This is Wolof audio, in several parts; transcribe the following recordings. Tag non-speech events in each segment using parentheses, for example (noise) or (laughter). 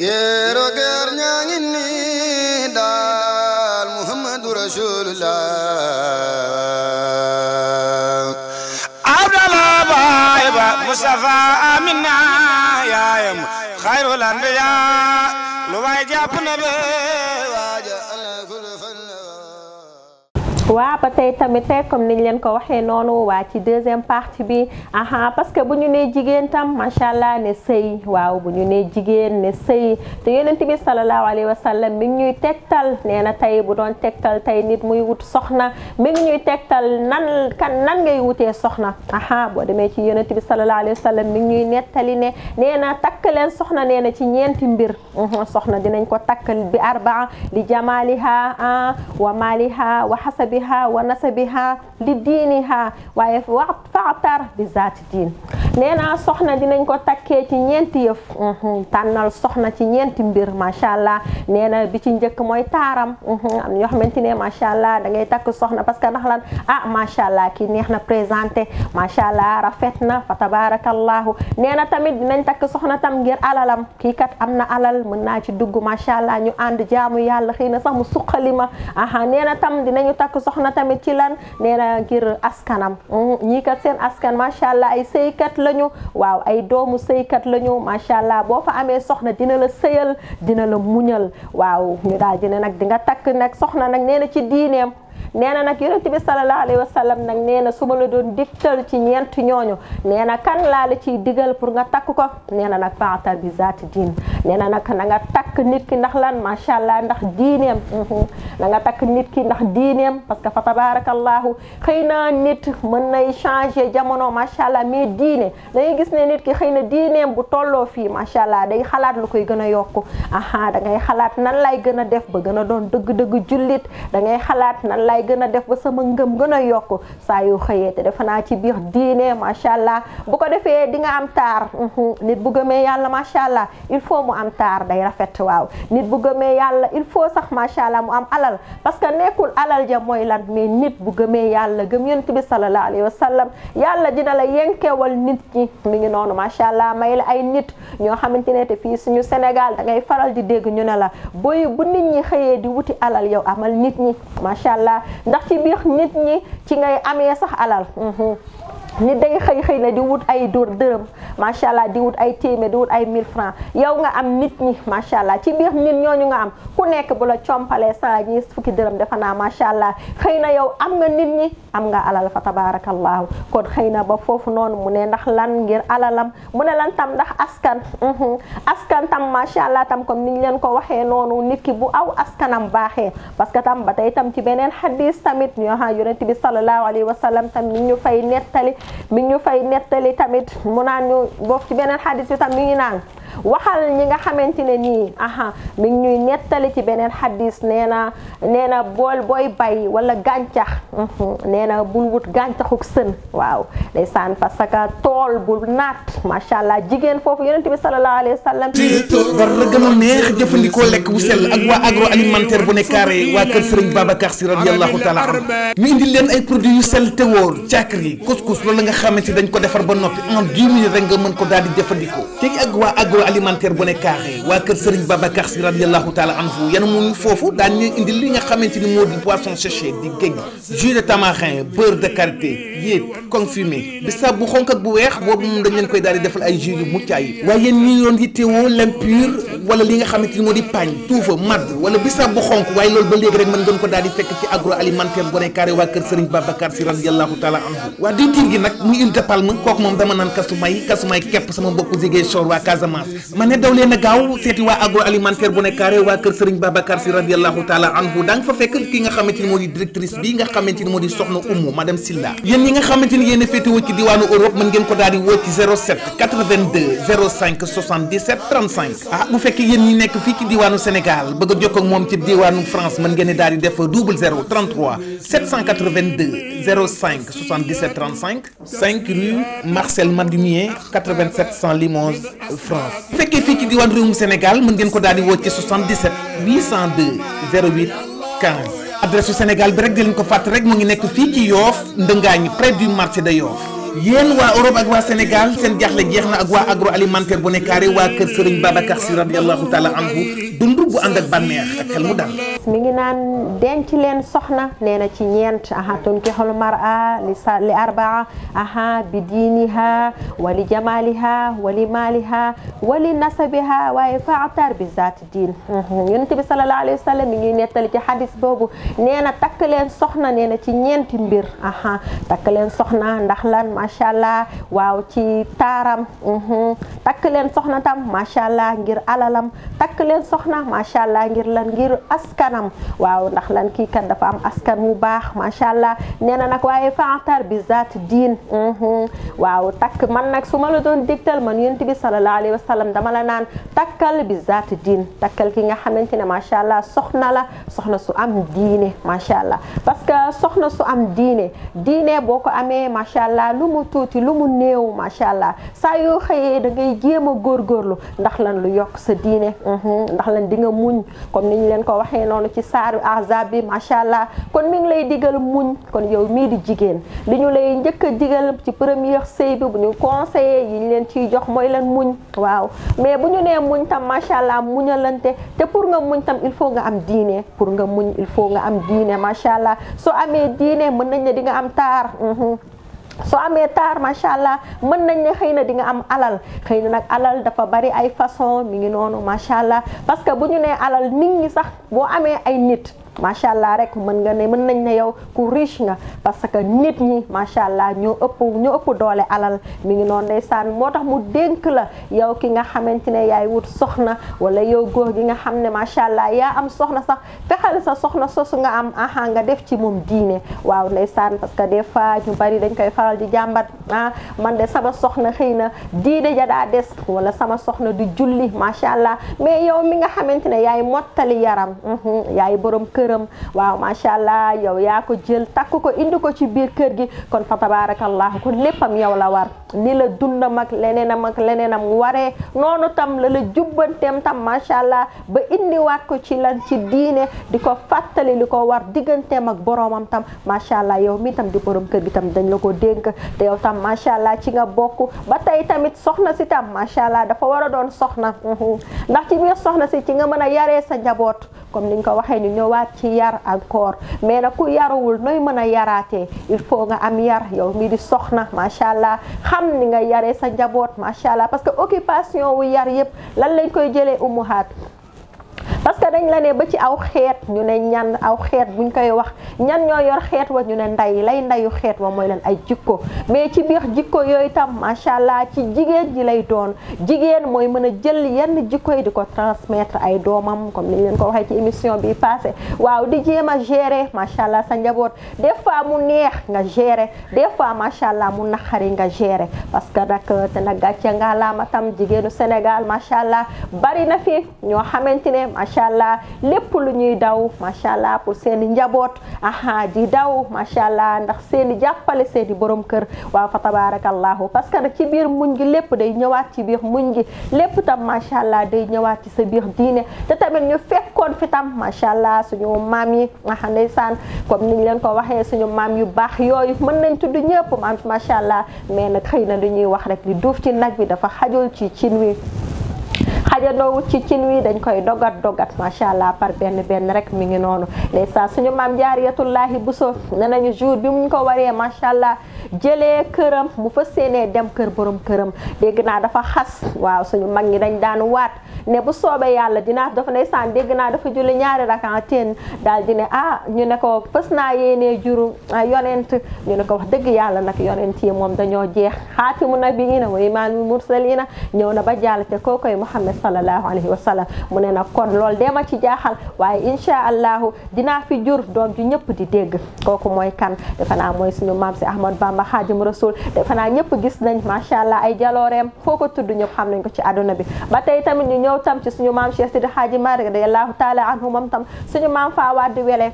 géero géer ñaa ngi nii daal muhammadu rasulullah abdallah baay ba mustafa amina yaayam xayrul anbiya lu waay jàpp na bee waa ba tey tamit eh, comme niñ leen ko waxee noonu waa ci deuxième partie bi aha parce que bu ñu nee jigéen tam macha allah ne say waaw bu ñu nee jigéen ne sëy te yonent bi sallallahu alayhi wa sallam mi ngi ñuy tegtal nee na tey bu doon tegtal tey nit muy wut soxna mi ngi ñuy tegtal nan kan nan ngay wutee soxna aha boo demee ci yonent bi sallallahu alayhi wa sallam mi ngi nettali ne nee na takk leen soxna nee na ci ñeenti mbir uhuh, soxna dinañ ko takk bi arbaa li jamaaliha ah, wa maaliha wa xasabi xasabiha wa nasabiha li diiniha waaye wax faxtar bi zaati diin nee naa soxna dinañ ko takkee ci ñeenti yëf tànnal soxna ci ñeenti mbir macha allah nee na bi ci njëkk mooy taaram am ñoo xamante ne macha allah da takk soxna parce que ndax lan ah macha allah kii neex na présenté macha allah rafet na fa tabarakallahu nee na tamit di dinañ takk soxna tam ngir alalam kii kat am na alal mën naa ci dugg macha allah ñu ànd jaamu yàlla xëy na sax mu suqali ma aha nee na tam takk soxna tamit ci lan nee na ngir askanam mhm, ñii kat seen askan macha allah ay sëykat lañu waaw ay doomu sëykat lañu macha allah boo fa amee soxna dina la sëyal dina la muñal waaw ñu daal di ne nag di nga takk nag soxna nag nee na ci diineem nee na nag yonent bi sallallahu alayhi wa sallam nag nee na su la doon digtal ci ñeent ñooñu nee na kan laa la ciy digal pour nga takk ko nee na nag faatar bi zaati diin nee na nag na takk nit ki ndax lan macha allah ndax diineem mhm. na nga takk nit ki ndax diineem parce que fa tabarakallahu xëy na nit mën nay changer jamono macha allah mais diine dangay gis ne nit ki xëy na diineem bu tolloo fii macha allah day xalaat lu koy gën a yokku aha da ngay xalaat nan lay gën a def ba gën a doon dëgg-dëgg jullit da ngay xalaat nan gën def ba sama ngëm gën a yokk saa yu xëyee te defe naa ci biir diine macha allah bu ko defee di nga am taar mhm. nit bu gëmee yàlla macha allah il faut mu am taar rafet waaw nit bu gëmee yàlla il faut sax macha allah mu am alal parce que nekkul alal ja mooy lan mais nit bu gëmee yàlla gëm yonent bi sallallahu alayhi sallam yàlla dina la yenkewal nit ñi mu ngi noonu macha allah may la ay nit ñoo xamante ne te fii suñu Sénégal da ngay faral di dégg ñu ne la boy bu nit ñi xëyee di wuti alal yow amal nit ñi macha ndax ci biir nit ñi ci ngay amee sax alal mhm. nit day xëy xëy na di wut ay dóor dërëm macha allah di wut ay téeméer di wut ay mille francs yow nga am nit ñi macha allah ci biir nit ñooñu nga am ku nekk bu la compale saa ñi fukki dërëm defe naa macha allah xëy na yow am nga nit ñi am nga alal fa tabaarakallaahu kon xëy na ba foofu noonu mu ne ndax lan ngir alalam mu ne lan tam ndax askan mhm. askan tam macha allah tam comme niñ leen ko waxee noonu nit ki bu aw askanam baaxee parce que tam ba tey tam ci beneen xadis tamit ñoo xam yonent bi sallallahu alayhi wa sallam tam ni ñu fay nettali mi ngi ñu fay nettali tamit mu naan ñu bokk ci beneen xadis bi tam mi ngi naan waxal ñi nga xamante ne ni aha mi ngi ñuy nettali ci beneen xadis nee na nee na bool booy bay wala gàncax mhm, nee na bul wut gàncaxuk sën waaw ndeysaan parce que tool bu naat macha allah jigéen foofu yonent bi sallallahu alayhi wa sallam war la gën a neex jëfandikoo lekk bu sell ak waa agroalimentaire bu ne carré waa kër Serigne Babacar Sy radiyallahu taala anhu ñu indi leen ay produits yu sell te wóor caakri couscous loolu la nga xamante dañ ko defar ba noppi en 10 minutes rek nga mën ko daal di jëfandikoo alimentaire bu ne kaaxee waa kër Serigne Babacar si radiallahu taala anhu yan mu foofu daan ñu indi li nga xamante ni moo di poisson séché di géej jus de tamarin beurre de karité yéeg confirmé bisaab bu xonk ak bu weex boobu moom dañ leen koy daal di defal ay jus yu mucc ayib waaye yéen ñi doon yittewoo l'impur wala li nga xamante ni moo di pañ tuufa ba kooku moom dama naan kasumay kasumay képp sama mbokk Ziguinchor waa Casamance ma ne daw leen a gaaw seeti waa agroalimentaire Ngoné Kaaré waa kër Serigne Babacar Sy radiyallahu taala anhu da nga fa fekk ki nga xamante ni moo di directrice bi nga xamante ni moo di soxna Umu madame nga xamante ni yéen a féetewoo ci diwaanu Europe mën ngeen ko daal di woo ci 07 82 05 77 35 ah bu fekkee yéen ñi nekk fii ci diwaanu Sénégal bëgg a jokkoo ak moom ci diwaanu France mën ngeen daal di def 00 33 782 05 77 35 5 rue Marcel Madimier 8700 Limoges France bu fekkee fii ci diwaanu réewum Sénégal mën ngeen ko daal di woo ci 77 802 15. adresse su Sénégal bi rek di ko fàtt rek mu ngi nekk fii ci Yoff Ndëngaañ près du marché de Yoff. yéen waa Europe ak waa Sénégal seen jaaxle jeex na ak waa agroalimentaire bu ne carré waa kër Serigne Babacar Sy radiyallahu taala anhu dund. bu ànd ak bànneex ak xel mu dal mi ngi naan denc leen soxna nee na ci ñeent aha tunkihul mar'a li arbaa aha bi diiniha wa li jamaliha wa li maaliha wa li nasabiha waaye faatar bi zaati diin mhm. yonent bi sallallahu alayhi wa sallam mi ngi nettali ci xadis boobu nee na takk leen soxna nee na ci ñeenti mbir aha takk leen soxna ndax lan macha allah waaw ci taaram mhm. takk leen soxna tam macha allah ngir alalam takk leen soxna macha allah ngir lan ngir askanam waaw ndax lan kii kat dafa am askan mu baax macha allah nee na nag waaye fantar bi zaat diin mhm. waaw takk man nag su ma la doon digtal man yonent bi sallallahu alayhi wa sallam dama la naan takkal bi zaat diin takkal ki nga xamante ne macha allah soxna la soxna su am diine macha allah parce que soxna su am diine diine boo ko amee macha allah lu mu tuuti lu mu néew macha allah saa yoo xëyee da ngay jéem a góorgóorlu ndax lan lu yokk sa diine mhm. ndax lan di nga muñ comme ni ñu leen ko waxee noonu ci saaru ahzab bi macha allah kon mi ngi lay digal muñ kon yow mii di jigéen li ñu lay njëkk a digal ci première sëy bi bu ñu conseillé yi ñu leen ciy jox mooy lan muñ waaw mais bu ñu nee muñ tam macha allah muñalante te pour nga muñ tam il faut nga am diine pour nga muñ il faut nga am diine macha allah soo amee diine mën nañ ne di nga am taar mhm. soo amee taar macha allah mën nañ ne xëy na di nga am alal xëy na nag alal dafa bari ay façon mi ngi noonu macha allah parce que bu ñu nee alal nit ñi sax boo amee ay nit. macha allah rek mën nga ne mën nañ ne yow ku rich nga parce que nit ñi macha allah ñoo ëpp ñoo ëpp doole alal mi ngi noon noonu ndeysaan moo tax mu dénk la yow ki nga xamante ne yaay wut soxna wala yow góor gi nga xam ne macha allah yaa am soxna sax fexal sa soxna sosu nga am aha nga def ci moom diine waaw ndeysaan parce que des fois ñu bari dañ koy faral di jàmbat ah man de sama soxna xëy na diine ja daa des wala sama soxna du julli macha allah mais yow mi nga xamante ne yaay mottali yaram mhm, yaay borom këram waaw macha allah yow yaa ko jël takk ko indi ko ci biir kër gi kon fa tabarakallahu kon léppam yow la war ni la dundam ak leneenam ak leneenam waree noonu tam la la jubbanteem tam macha allah ba indiwaat ko ci lan ci diine di ko fàttali li ko war digganteem ak boromam tam macha allah yow mi tam di borom kër gi tam dañ la ko dénk te yow tam macha allah ci nga bokk ba tey tamit soxna si tam macha allah dafa war a doon soxna ndax ci biir soxna si ci nga mën a yaree sa njaboot comme ni ñu ko waxee ñu ñëwaat ci yar encore mais na ku yaruwul nooy mën a yaraatee il faut nga am yar yow mii di soxna macha allah xam ni nga yaree sa njaboot macha allah parce que occupation wu yar yëpp lan lañ koy jëlee umuhaat parce que dañ la ne ba ci aw xeet ñu ne ñan aw xeet buñ koy wax ñan ñoo yor xeet wa ñu ne nday lay ndayu xeet wa mooy leen ay jikko mais ci biir jikko yooyu tam macha allah ci jigéen ji lay doon jigéen mooy mën a jël yenn jikko yi di ko transmettre ay doomam comme ni ñu leen ko waxee ci émission bi passé waaw di jéem a gérer macha allah sa njaboot des fois mu neex nga gérer des macha allah mu naqari nga gérer parce que nag te nag gàcce nga laama jigéenu Sénégal macha allah bari na fi ñoo xamante macha allah lépp lu ñuy daw macha allah pour seen i njaboot aha di daw macha allah ndax seen i jàppale seen borom kër waaw fa tabaarakallahu parce que nag ci biir muñ gi lépp day ñëwaat ci biir muñ gi lépp tam macha allah day ñëwaat ci sa biir diine te tamit ñu fekkoon fi tam macha allah suñu maam yi aha ndeysaan comme niñ leen ko waxee suñu maam yu baax yooyu mën nañ tudd ñëpp maam macha allah mais nag xëy na lu ñuy wax rek li duuf ci nag bi dafa xajul ci cin wi xajandoowut ci cin wi dañ koy dogat dogat macha allah par benn benn rek mi ngi noonu ndeysaan suñu maam jaariyatullaahi Buso ne nañu jour bi mu ko waree macha allah jëlee këram mu fa séenee dem kër borom këram dégg naa dafa xas waaw suñu mag ñi dañ daan waat ne bu soobee yàlla dinaa dafa ndeysaan dégg naa dafa julli ñaari rakaa teen daal di ne ah ñu ne ko fës naa yéenee juru a yonent ñu ne ko wax dëgg yàlla nag yonent yi moom dañoo jeex xaatimu nabiyiina mu imaamul mursaliina ñëw na ba jàll te kookoy Muhammad sallallahu alayhi ma ci jaaxal waaye incha allahu dinaa fi jur doom ju ñëpp di dégg kooku mooy kan defe naa mooy suñu maam si Ahmad Bamba Xaadim Rasul defe naa ñëpp gis nañ macha allah ay jalooreem foo ko tudd ñëpp xam nañ ko ci àdduna bi ba tey tamit ñu ñëw tam ci suñu maam Cheikh Sidi Xaaji Maalik radiyallahu taala anhu moom tam suñu maam faa waat di wele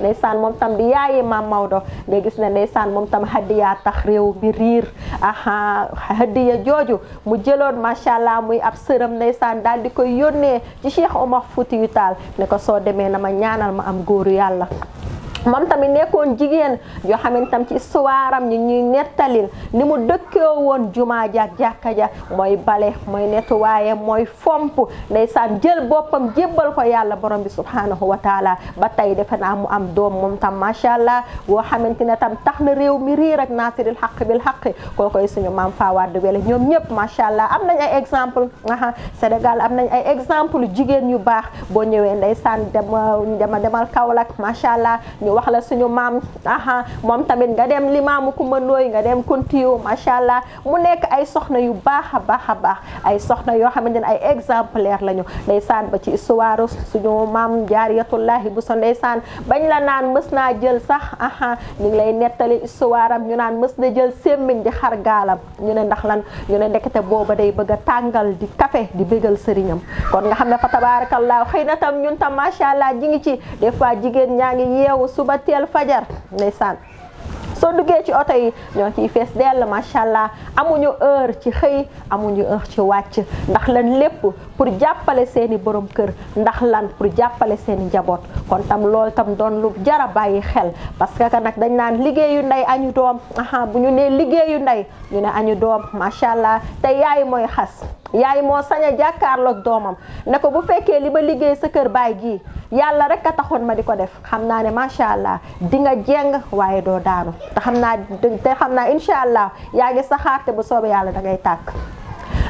ndeysaan moom tam di yaayi maam Maodo nga gis ne ndeysaan moom tam hadiya tax réew bi riir aha jooju mu jëloon macha allah muy ab sërëm ndeysaan daal di koy yónnee ci Cheikh Omar Foutiyou taal ne ko soo demee na ma ñaanal ma am góor yàlla moom tamit nekkoon jigéen yoo xamante tam ci histoire am ñuy nettalin ni mu dëkkee woon jumaa ja ak jàkka ja mooy bale mooy nettuwaaye mooy fomp ndeysaan jël boppam jébbal ko yàlla borom bi subhanahu wa taala ba tey defe naa mu am doom moom tam macha allah woo xamante ne tam tax na réew mi riir ak naasiril xaq bil xaq kookoy suñu maam Fawade Wele ñoom ñëpp macha allah am nañ ay exemple aha Sénégal am nañ ay exemple jigéen yu baax boo ñëwee ndeysaan dem dema demal Kaolack macha allah wax la suñu maam aha moom tamit nga dem limaamu Kumba Ndooy nga dem Kuntiyu macha allah mu nekk ay soxna yu baax a baax a baax ay soxna yoo xamante ne ay exemplaire lañu ndeysaan ba ci histoire suñu maam jaariyatullahi bu so ndeysaan bañ la naan mës naa jël sax aha ñu ngi lay nettali histoire am ñu naan mës na jël sémmiñ di xar gaalam ñu ne ndax lan ñu ne ndekete booba day bëgg a tàngal di kafe di bégal sëriñam kon nga xam ne fa tabaarakallaahu xëy na tam ñun tam ci des jigéen ñaa ngi yeewu ba teel fajar ndeysaan soo duggee ci oto yi ñoo ciy fees dell macha allah amuñu heure ci xëy amuñu heure ci wàcc ndax la lépp pour jàppale seeni borom kër ndax lan pour jàppale seeni njaboot kon tam loolu tam doon lu jara bàyyi xel parce que nag dañ naan liggéeyu ndey añu doom aha bu ñu nee liggéeyu ndey ñu ne añu doom macha allah te yaay mooy xas yaay moo sañ jàkkaarlook doomam ne ko bu fekkee li ma liggéey sa kër baay gii yàlla rek a taxoon ma di ko def xam naa ne macha allah di nga jeng waaye doo daanu te xam naa te xam naa incha allah yaa ngi saxaarte bu soobee yàlla da ngay tàkk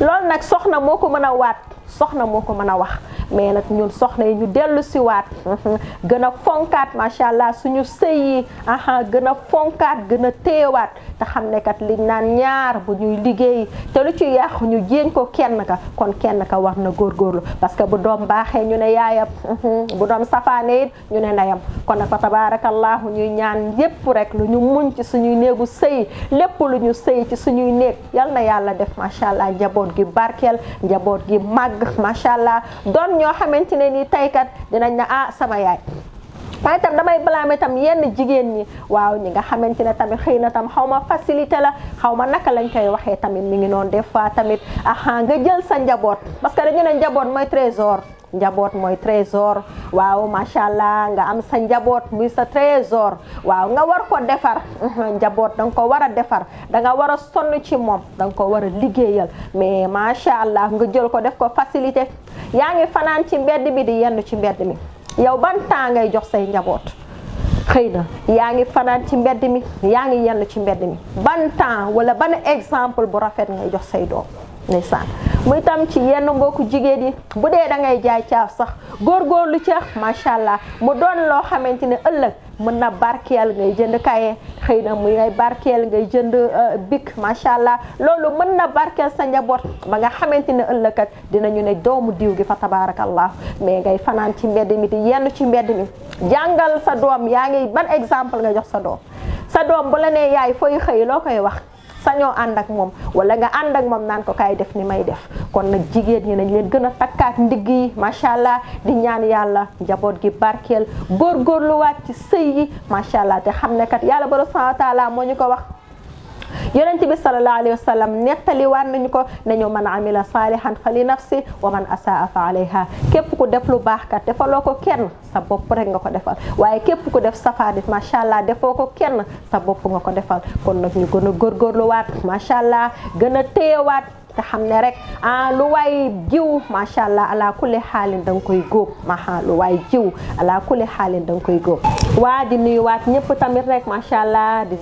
loolu soxna moo ko mën a wax mais nag ñun soxna yi ñu dellu (laughs) gën a fonkaat macha allah suñu sëy yi gën a fonkaat gën a teewaat te xam ne li naan ñaar bu ñuy liggéey te lu ci yàqu ñu jéeñ ko kenn ka kon kenn ka war na góor góorlu parce que bu doom baaxee ñu ne yaayam (laughs) bu doom safaanee ñu ne ndeyam kon nag fa tabaarakallaahu ñuy ñaan yépp rek lu ñu muñ ci suñuy néegu sëy lépp lu ñu sëy ci suñuy néeg yal na yàlla def macha allah njaboot gi barkeel njaboot màgg macha allah doon ñoo xamante ne nii taykat dinañ na ah sama yaay. waaye tam damay blâmer tam yenn jigéen ñi waaw ñi nga xamante ne tamit xëy na tam xaw ma facilité la xaw ma naka lañ koy waxee tamit mi ngi noonu des fois tamit aha nga jël sa njaboot parce que dañu ne njaboot mooy trésor. njaboot mooy trésor waaw macha allah nga am sa njaboot mu sa trésor waaw nga war ko defar mhm, njaboot danga ko war a defar danga war a sonn ci moom danga ko war a liggéeyal mais macha allah nga jël ko def ko facilité yaa ngi fanaan ci mbedd bi di yenn ci mbedd mi yow ban temps ngay jox say njaboot xëy na yaa ngi fanaan ci mbedd mi yaa ngi yenn ci mbedd mi ban temps wala ban exemple bu rafet ngay jox say doom ndeysaan mu itam ci yenn mbokku jigéen yi bu dee da ngay jaay caaf sax góor góor lu ca macha allah mu doon loo xamante ne ëllëg mën na barkeel ngay jënd kaye xëy na muy ngay barkeel ngay jënd euh, bik macha allah loolu mën na barkeel sa njaboot ba nga xamante ne ëllëg dina ñu ne doomu diw gi fa tabaarakallah mais ngay fanaan ci mbedd mi di yenn ci mbedd mi jàngal sa doom yaa ngi ban exemple nga jox sa doom sa doom bu la nee yaay fooy xëy loo koy wax. sañoo ànd ak moom wala nga ànd ak moom naan ko kaay def ni may def kon nag jigéen ñi nañ leen gën a takkaat ndigg yi macha allah di ñaan yàlla njaboot gi barkeel góorgóorluwaat ci sëy yi macha allah te xam ne kat yàlla borom subhanahu wa moo ñu ko wax yonent bi sallallahu alayhi wa sallam nettali waan nañu ko na nañu man amila saalihan fa li nafsi wa man asaa fa alayha képp ku def lu baax kat defaloo ko kenn sa bopp rek nga ko defal waaye képp ku def safaanit macha allah defoo ko kenn sa bopp nga ko defal kon nag ñu gën a góorgóorluwaat macha allah gën a téyewaat te xam ne rek ah lu waay jiw macha allah ala kulli xaalin da nga koy góob lu waay jiw ala kulli xaalin da nga koy góob waa di nuyuwaat ñëpp tamit rek macha allah di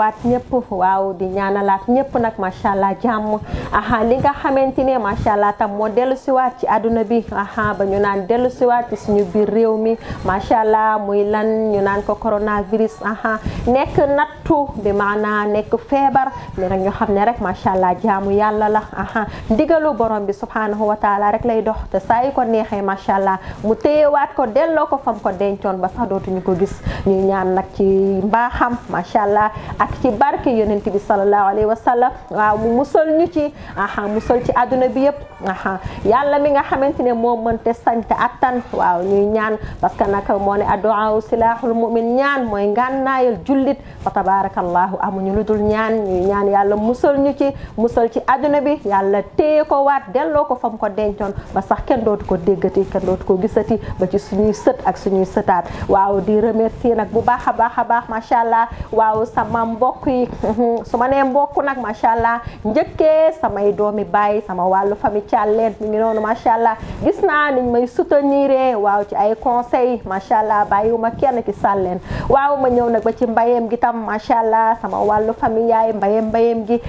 waat ñëpp waaw di ñaanalaat ñëpp nag macha allah jàmm aha li nga xamante ne macha allah tam moo dellu siwaat ci àdduna bi aha ba ñu naan dellu siwaat ci suñu biir réew mi macha allah muy lan ñu naan ko coronavirus aha nekk nattu bi maanaa nekk feebar mi nga xam ne rek macha allah jaamu yàlla aha ndigalu borom bi subhaanahu wa taala rek lay dox te saa yu ko neexee macha allah mu téyewaat ko delloo ko fam ko dencoon ba sax dootuñu ko gis ñuy ñaan nag ci mbaaxam macha allah ak ci barke yonent bi sallallahu alayhi wa sallam waaw mu musal ñu ci aha musal ci àdduna bi yëpp aha yàlla mi nga xamante ne moo mën te sañ te attan waaw ñuy ñaan parce que nag moo ne addu'a silaaxul mu'min ñaan mooy ngànnaayal jullit fa tabarakallahu amuñu lu dul ñaan ñuy ñaan yàlla musal ñu ci musal ci àdduna bi yàlla téye ko waat delloo ko fam ko dencoon ba sax kenn dootu ko déggati kenn dootu ko gisati ba ci suñuy sët ak suñuy sëtaat waaw di remercier nag bu baax a baax a baax macha allah waaw sama mbokk yi (laughs) su ma nee mbokk nag macha allah njëkkee samay doomi bàyyi sama wàllu famille Thialène mi ngi noonu macha allah gis naa niñ may soutenir waw ci ay conseil macha allah bàyyiwuma kenn ci Thialène waaw ma ñëw nag ba ci mbayem gi tam macha allah sama wàllu famille yaay mbayem mbayem gi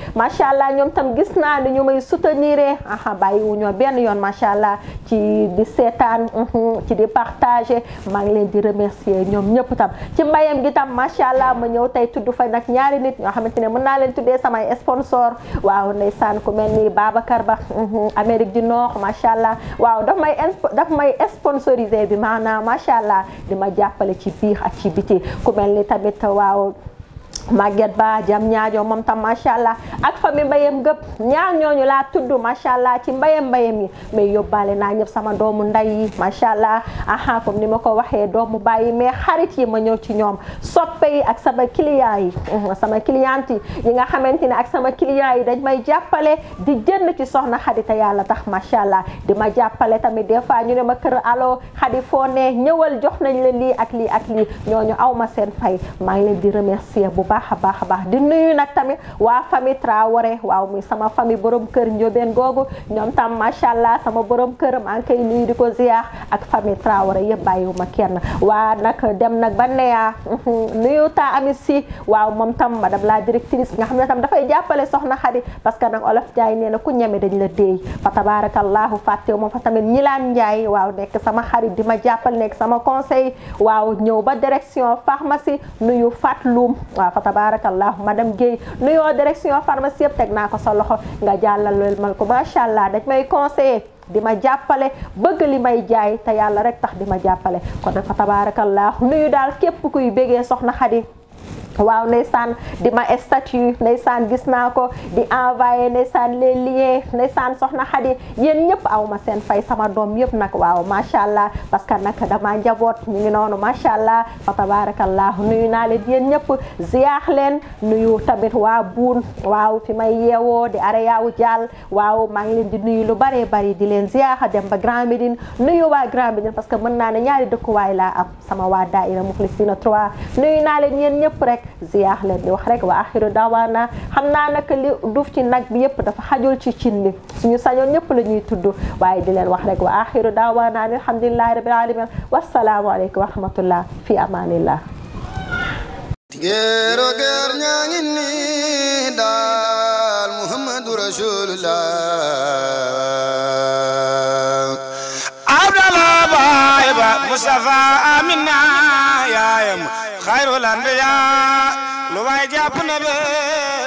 ñu may soutenir aha bàyyiwuñoo benn yoon macha allah ci di seetaan mhm, ci di partager maa ngi leen di remercier ñoom ñëpp tam ci mbayam gi tam macha allah ma ñëw tey tudd fa nag ñaari nit ñoo xamante ne mën naa leen tuddee samay sponsor waaw saan ku mel nii Babacar Ba mhm, Amérique du Nord macha allah waaw daf may daf may sponsorisé bi maanaam macha allah di ma jàppale ci biir ak ci biti ku mel ni tamit waaw. Maguette Ba jam ñaajo moom tam macha allah ak famille mbayam gëpp ñaar ñooñu laa tudd macha allah ci mbayam mbayam yi mais yóbbaale naa ñëpp sama doomu nday yi macha allah aha comme ni ma ko waxee doomu yi mais xarit yi ma ñëw ci ñoom soppe yi ak sama client yi mhm, sama cliente yi nga xamante ne ak sama client yi dañ may jàppale di jënd ci soxna Xadi te yàlla tax macha allah di ma jàppale tamit des fois ñu ne ma kër allo Xadi foo ne ñëwal jox nañ la lii ak lii ak lii ñooñu aw ma seen fay maa ngi leen di remercier bu baax a baax a baax di nuyu nag tamit waa famille Traoré waaw muy sama famille borom kër Ndiobène googu ñoom tam macha allah sama borom kër maa ngi nuyu di ko ziar ak famille Traoré yëpp bàyyiwuma kenn waa nag dem nag ba nuyu ta amit si waaw moom tam madame la directrice nga xam ne tam dafay jàppale soxna Xadi parce que nag olof Njaay nee na ku ñeme dañ la déey fa tabarakallahu fàttew moom fa tamit ñilaan Njaay waaw nekk sama xarit di allah fa tabarakallahu madame Guèye a direction pharmacie yëpp teg naa ko sa loxo nga jàllale mal ko macha allah dañ may conseiller di ma jàppale bëgg li may jaay te yàlla rek tax di ma jàppale ko nag fa tabarakallahu nuyu daal képp kuy bégee soxna Xadi waaw ndeysaan di ma statut ndeysaan gis naa ko di envoyé ndeysaan les liens ndeysaan soxna Xadi yéen ñëpp aw ma seen fay sama doom yëpp nak waaw macha allah parce que nag dama njaboot ñu ngi noonu macha allah fa tabarakallah nuyu naa leen yéen ñëpp ziyaax leen nuyu tamit waa buun waaw fi may yeewoo di are yaawu jaal waaw maa ngi leen di nuyu lu bare bari di leen ziyaaxa dem ba Grand Médine nuyu waa Grand Médine parce que mën naa ne ñaari dëkkuwaay laa am sama waa daaira Muxlisina ziyaar leen di wax rek wa axiru daawaana xam naa nag li duuf yëpp dafa xajul ci cin li suñu sañoon ñëpp la ñuy tudd waaye di leen wax rek wa axiru daawaana an alhamdulillahi rabbil alamin wasalaamu aleykum wa rahmatullah fi amanillah xayrul anbiyaa lu waay jàpp na be